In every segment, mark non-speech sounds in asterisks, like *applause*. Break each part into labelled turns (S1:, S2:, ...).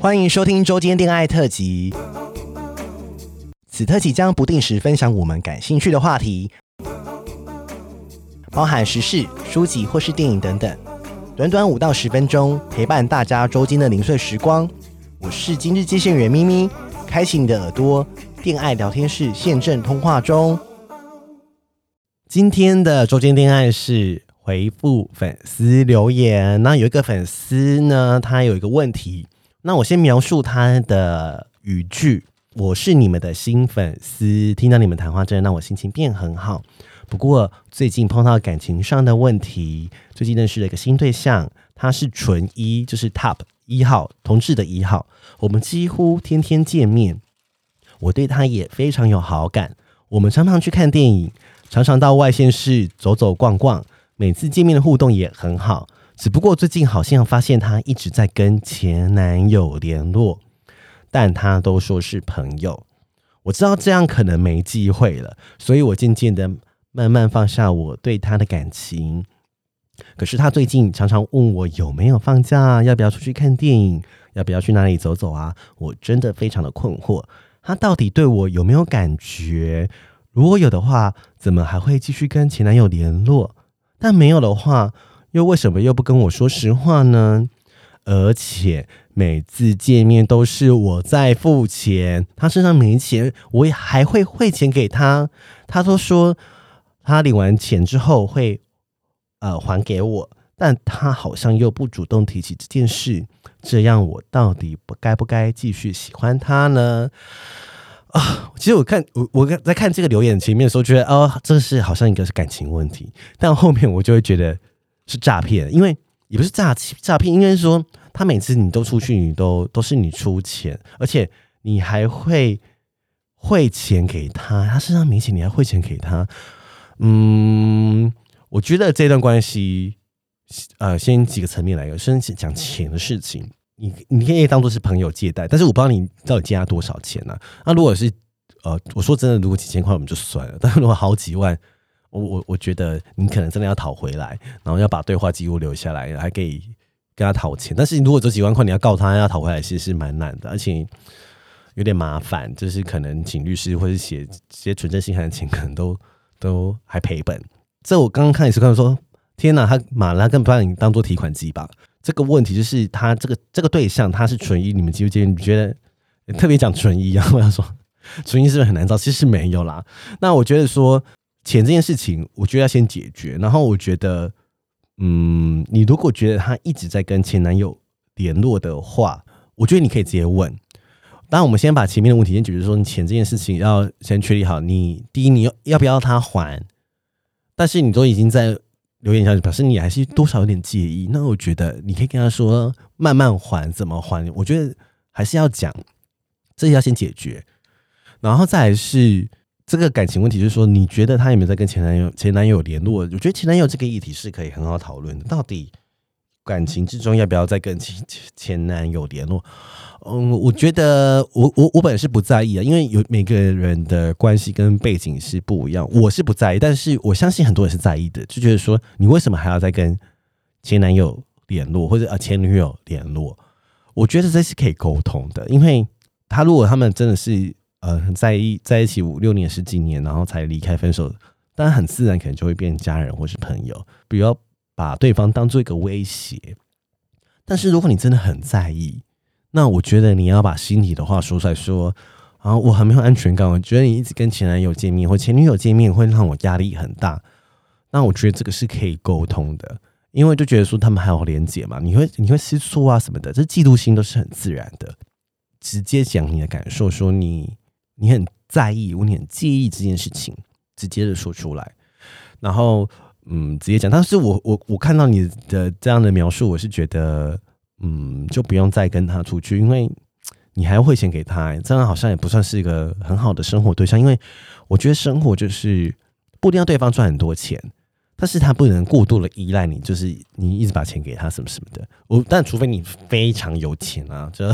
S1: 歡迎收聽週間電愛特輯，此特輯將不定時分享我們感興趣的話題，包含時事、書籍或是電影等等。短短五到十分鐘，陪伴大家週間的零碎時光。我是今日接線員咪咪，開啟你的耳朵，電愛聊天室現正通話中。今天的週間電愛是回復粉絲留言，那有一個粉絲呢，他有一個問題。那我先描述他的語句。我是你們的新粉絲，聽到你們談話真的讓我心情變很好。不過最近碰到感情上的問題，最近認識了一個新對象，他是純一，就是 TOP 一號同志的一號。我們幾乎天天見面，我對他也非常有好感。我們常常去看電影，常常到外縣市走走逛逛，每次見面的互動也很好。只不過最近好像發現他一直在跟前男友聯絡，但他都說是朋友。我知道這樣可能沒機會了，所以我漸漸的慢慢放下我對他的感情。可是他最近常常問我有沒有放假啊，要不要出去看電影，要不要去哪裡走走啊？我真的非常的困惑，他到底對我有沒有感覺？如果有的話，怎麼還會繼續跟前男友聯絡？但沒有的話。又為什麼又不跟我說實話呢？而且每次見面都是我在付錢，他身上沒錢，我也還會匯錢給他。他都說他領完錢之後會呃還給我，但他好像又不主動提起這件事。這樣我到底不該不該繼續喜歡他呢？啊、呃，其實我看我我在看這個留言前面的時候，覺得哦、呃，這是好像一個是感情問題，但後面我就會覺得。是詐騙，因為也不是詐欺詐騙，應該是說，他每次你都出去，你都都是你出錢，而且你還會匯錢給他，他身上沒錢，你還匯錢給他。嗯，我覺得這段關係，呃，先幾個層面來個，首先講錢的事情，你你可以當做是朋友借貸，但是我不知道你到底借他多少錢呢、啊？那如果是呃，我說真的，如果幾千塊我們就算了，但是如果好幾萬。我我我覺得你可能真的要討回來，然後要把對話記錄留下來，還可以跟他討錢。但是如果這幾萬塊你要告他要討回來，其實是蠻難的，而且有點麻煩。就是可能請律師，或是寫這些存證信函的錢，可能都都還賠本、嗯。這我剛剛看也是看到說，天哪，他馬拉根本把你當做提款機吧？這個問題就是他這個這個對象，他是純一，你們記不記得，你覺得特別講純一啊？我想說純一是不是很難找？其實沒有啦。那我覺得說。錢這件事情，我覺得要先解決。然後我覺得，嗯，你如果覺得他一直在跟前男友聯絡的話，我覺得你可以直接問。當然我們先把前面的問題先解決說，說你錢這件事情要先確立好。你第一，你要不要他還？但是你都已經在留言下去表示你還是多少有點介意，那我覺得你可以跟他說慢慢還，怎麼還？我覺得還是要講，這些要先解決，然後再來是。這個感情問題就是說，你覺得他有沒有在跟前男友前男友聯絡？我覺得前男友這個議題是可以很好討論的。到底感情之中要不要再跟前前男友聯絡？嗯，我覺得我我我本來是不在意啊，因為有每個人的關係跟背景是不一樣，我是不在意，但是我相信很多人是在意的，就覺得說你為什麼還要再跟前男友聯絡，或者啊前女友聯絡？我覺得這是可以溝通的，因為他如果他們真的是。呃，在一在一起五六年、十幾年，然後才離開分手，當然很自然，可能就會變成家人或是朋友，不要把對方當做一個威脅。但是如果你真的很在意，那我覺得你要把心裡的話說出來說，說啊，我很沒有安全感，我覺得你一直跟前男友見面或前女友見面會讓我壓力很大。那我覺得這個是可以溝通的，因為就覺得說他們還有連結嘛，你會你會吃醋啊什麼的，這嫉妒心都是很自然的。直接講你的感受，說你。你很在意，如果你很介意這件事情，直接的說出來，然後，嗯，直接講。但是我我我看到你的這樣的描述，我是覺得，嗯，就不用再跟他出去，因為你還要匯錢給他、欸，這樣好像也不算是一個很好的生活對象。因為我覺得生活就是不一定要對方賺很多錢。但是他不能過度的依賴你，就是你一直把錢給他什麼什麼的。我但除非你非常有錢啊，就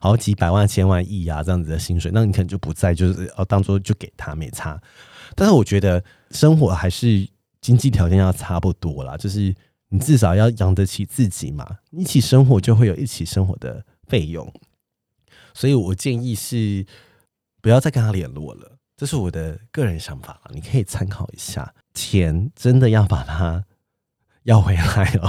S1: 好幾百萬、千萬億啊這樣子的薪水，那你可能就不再，就是呃當做就給他沒差。但是我覺得生活還是經濟條件要差不多啦，就是你至少要養得起自己嘛，一起生活就會有一起生活的費用。所以我建議是不要再跟他聯絡了，這是我的個人想法啦，你可以參考一下。錢真的要把它要回來了，喔，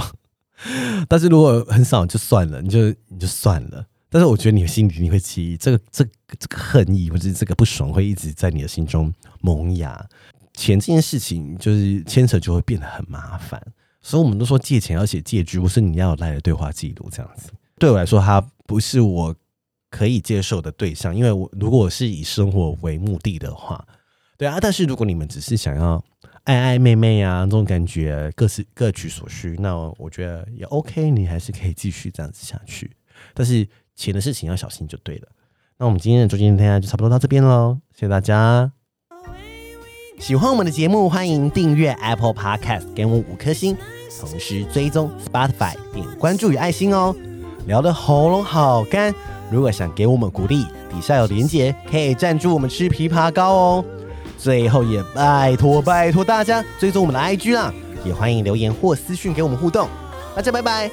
S1: *laughs* 但是如果很少就算了，你就你就算了。但是我覺得你心裡你會起這個、這個、這個恨意，或者這個不爽，會一直在你的心中萌芽。錢這件事情就是牽扯，就會變得很麻煩。所以我們都說借錢要寫借據，不是你要有來的對話記錄，這樣子。對我來說，他不是我可以接受的對象，因為我如果我是以生活為目的的話，對啊。但是如果你們只是想要。愛愛妹妹啊，這種感覺，各自、各取所需，那我覺得也 OK，你還是可以繼續這樣子下去，但是錢的事情要小心就對了。那我們今天的週間電台啊，就差不多到這邊嘍，謝謝大家。喜歡我們的節目，歡迎訂閱 Apple Podcast，給我們五顆星，同時追蹤 Spotify，點關注與愛心哦。聊得喉嚨好乾，如果想給我們鼓勵，底下有連結，可以贊助我們吃枇杷膏哦。最後也拜託拜託大家追蹤我們的 IG 啦，也歡迎留言或私訊給我們互動，大家拜拜。